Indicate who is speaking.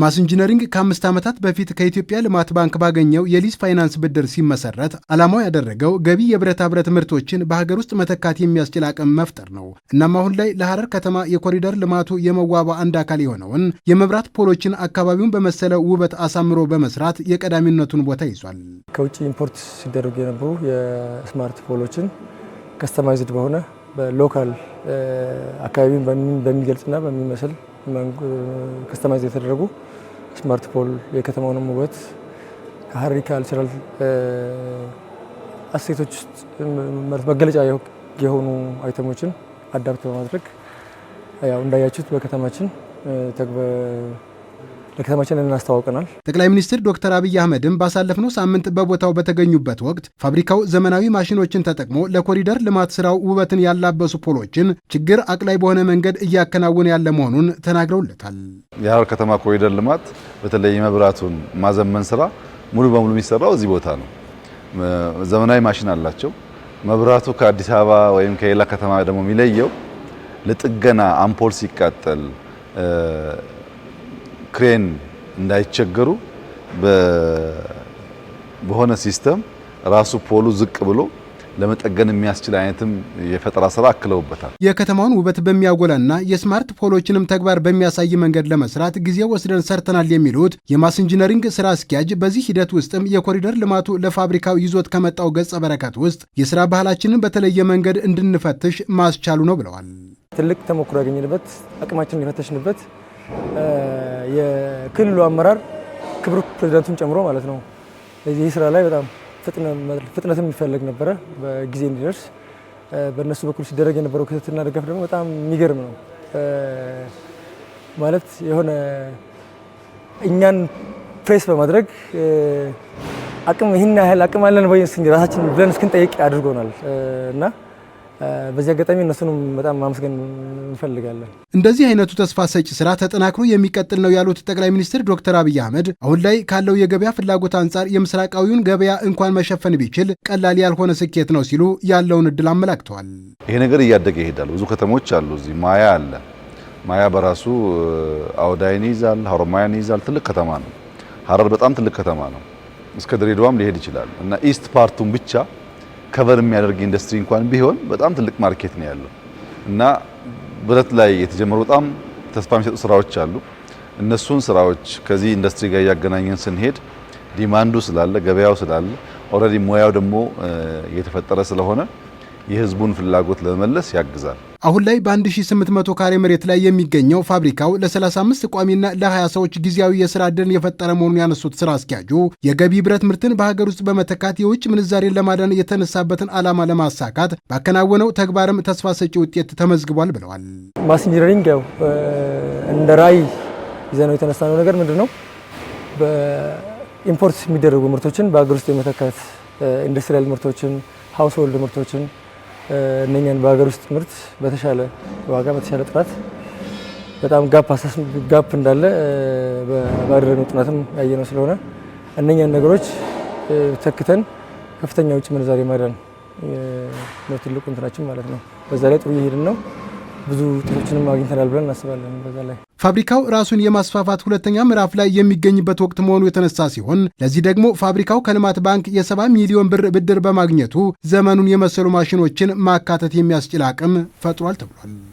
Speaker 1: ማስ ኢንጂነሪንግ ከአምስት ዓመታት በፊት ከኢትዮጵያ ልማት ባንክ ባገኘው የሊዝ ፋይናንስ ብድር ሲመሰረት ዓላማው ያደረገው ገቢ የብረታ ብረት ምርቶችን በሀገር ውስጥ መተካት የሚያስችል አቅም መፍጠር ነው። እናም አሁን ላይ ለሐረር ከተማ የኮሪደር ልማቱ የመዋባ አንድ አካል የሆነውን የመብራት ፖሎችን አካባቢውን በመሰለ ውበት አሳምሮ በመስራት የቀዳሚነቱን ቦታ ይዟል።
Speaker 2: ከውጭ ኢምፖርት ሲደረጉ የነበሩ የስማርት ፖሎችን ከስተማይዝድ በሆነ በሎካል አካባቢ በሚገልጽና በሚመስል ከስተማይዝ የተደረጉ ስማርት ፖል የከተማውንም ውበት ከሀረሪ ካልቸራል አስቴቶች ውስጥ መገለጫ የሆኑ አይተሞችን አዳፕት በማድረግ ያው እንዳያችሁት በከተማችን ለከተማችን እናስታውቀናል።
Speaker 1: ጠቅላይ ሚኒስትር ዶክተር አብይ አህመድም ባሳለፍነው ሳምንት በቦታው በተገኙበት ወቅት ፋብሪካው ዘመናዊ ማሽኖችን ተጠቅሞ ለኮሪደር ልማት ስራው ውበትን ያላበሱ ፖሎችን ችግር አቅላይ በሆነ መንገድ እያከናወነ ያለ መሆኑን ተናግረውለታል።
Speaker 3: የሐረር ከተማ ኮሪደር ልማት በተለይ የመብራቱን ማዘመን ስራ ሙሉ በሙሉ የሚሰራው እዚህ ቦታ ነው። ዘመናዊ ማሽን አላቸው። መብራቱ ከአዲስ አበባ ወይም ከሌላ ከተማ ደግሞ የሚለየው ለጥገና አምፖል ሲቃጠል ክሬን እንዳይቸገሩ በሆነ ሲስተም ራሱ ፖሉ ዝቅ ብሎ ለመጠገን የሚያስችል አይነትም የፈጠራ ስራ አክለውበታል።
Speaker 1: የከተማውን ውበት በሚያጎላና የስማርት ፖሎችንም ተግባር በሚያሳይ መንገድ ለመስራት ጊዜ ወስደን ሰርተናል የሚሉት የማስ ኢንጂነሪንግ ስራ አስኪያጅ፣ በዚህ ሂደት ውስጥም የኮሪደር ልማቱ ለፋብሪካው ይዞት ከመጣው ገጸ በረከት ውስጥ የስራ ባህላችንን በተለየ መንገድ እንድንፈትሽ ማስቻሉ ነው ብለዋል።
Speaker 2: ትልቅ ተሞክሮ ያገኘንበት አቅማችንን የፈተሽንበት የክልሉ አመራር ክብሩ ፕሬዚዳንቱን ጨምሮ ማለት ነው። ይህ ስራ ላይ በጣም ፍጥነት የሚፈለግ ነበረ፣ በጊዜ እንዲደርስ በእነሱ በኩል ሲደረግ የነበረው ክትትልና ድጋፍ ደግሞ በጣም የሚገርም ነው። ማለት የሆነ እኛን ፕሬስ በማድረግ አቅም ይህን ያህል አቅም አለን ወይ ራሳችን ብለን እስክንጠይቅ አድርጎናል እና በዚህ አጋጣሚ እነሱንም በጣም ማመስገን እንፈልጋለን።
Speaker 1: እንደዚህ አይነቱ ተስፋ ሰጪ ስራ ተጠናክሮ የሚቀጥል ነው ያሉት ጠቅላይ ሚኒስትር ዶክተር አብይ አህመድ አሁን ላይ ካለው የገበያ ፍላጎት አንጻር የምስራቃዊውን ገበያ እንኳን መሸፈን ቢችል ቀላል ያልሆነ ስኬት ነው ሲሉ ያለውን እድል አመላክተዋል።
Speaker 3: ይሄ ነገር እያደገ ይሄዳል። ብዙ ከተሞች አሉ። እዚህ ማያ አለ። ማያ በራሱ አውዳይን ይይዛል፣ ሀሮማያን ይዛል። ትልቅ ከተማ ነው። ሀረር በጣም ትልቅ ከተማ ነው። እስከ ድሬዳዋም ሊሄድ ይችላል እና ኢስት ፓርቱን ብቻ ከቨር የሚያደርግ ኢንዱስትሪ እንኳን ቢሆን በጣም ትልቅ ማርኬት ነው ያለው እና ብረት ላይ የተጀመሩ በጣም ተስፋ የሚሰጡ ስራዎች አሉ። እነሱን ስራዎች ከዚህ ኢንዱስትሪ ጋር እያገናኘን ስንሄድ ዲማንዱ ስላለ ገበያው ስላለ ኦልሬዲ ሙያው ደግሞ እየተፈጠረ ስለሆነ የህዝቡን ፍላጎት ለመመለስ ያግዛል።
Speaker 1: አሁን ላይ በ1800 ካሬ መሬት ላይ የሚገኘው ፋብሪካው ለ35 ቋሚና ለ20 ሰዎች ጊዜያዊ የስራ ዕድልን የፈጠረ መሆኑን ያነሱት ስራ አስኪያጁ የገቢ ብረት ምርትን በሀገር ውስጥ በመተካት የውጭ ምንዛሬን ለማዳን የተነሳበትን ዓላማ ለማሳካት ባከናወነው ተግባርም ተስፋ ሰጪ ውጤት ተመዝግቧል ብለዋል።
Speaker 2: ማስ ኢንጂነሪንግ ያው እንደ ራይ ይዘነው የተነሳነው ነገር ምንድን ነው? በኢምፖርት የሚደረጉ ምርቶችን በሀገር ውስጥ የመተካት ኢንዱስትሪያል ምርቶችን፣ ሃውስሆልድ ምርቶችን እነኛን በሀገር ውስጥ ምርት በተሻለ ዋጋ በተሻለ ጥራት በጣም ጋፕ ጋፕ እንዳለ ባደረግነው ጥናትም ያየነው ስለሆነ እነኛን ነገሮች ተክተን ከፍተኛ ውጭ ምንዛሬ ማዳን ነው ትልቁ እንትናችን ማለት ነው። በዛ ላይ ጥሩ እየሄድን ነው። ብዙ ውጤቶችንም አግኝተናል ብለን እናስባለን። በዛ ላይ
Speaker 1: ፋብሪካው ራሱን የማስፋፋት ሁለተኛ ምዕራፍ ላይ የሚገኝበት ወቅት መሆኑ የተነሳ ሲሆን ለዚህ ደግሞ ፋብሪካው ከልማት ባንክ የሰባ ሚሊዮን ብር ብድር በማግኘቱ ዘመኑን የመሰሉ ማሽኖችን ማካተት የሚያስችል አቅም ፈጥሯል ተብሏል።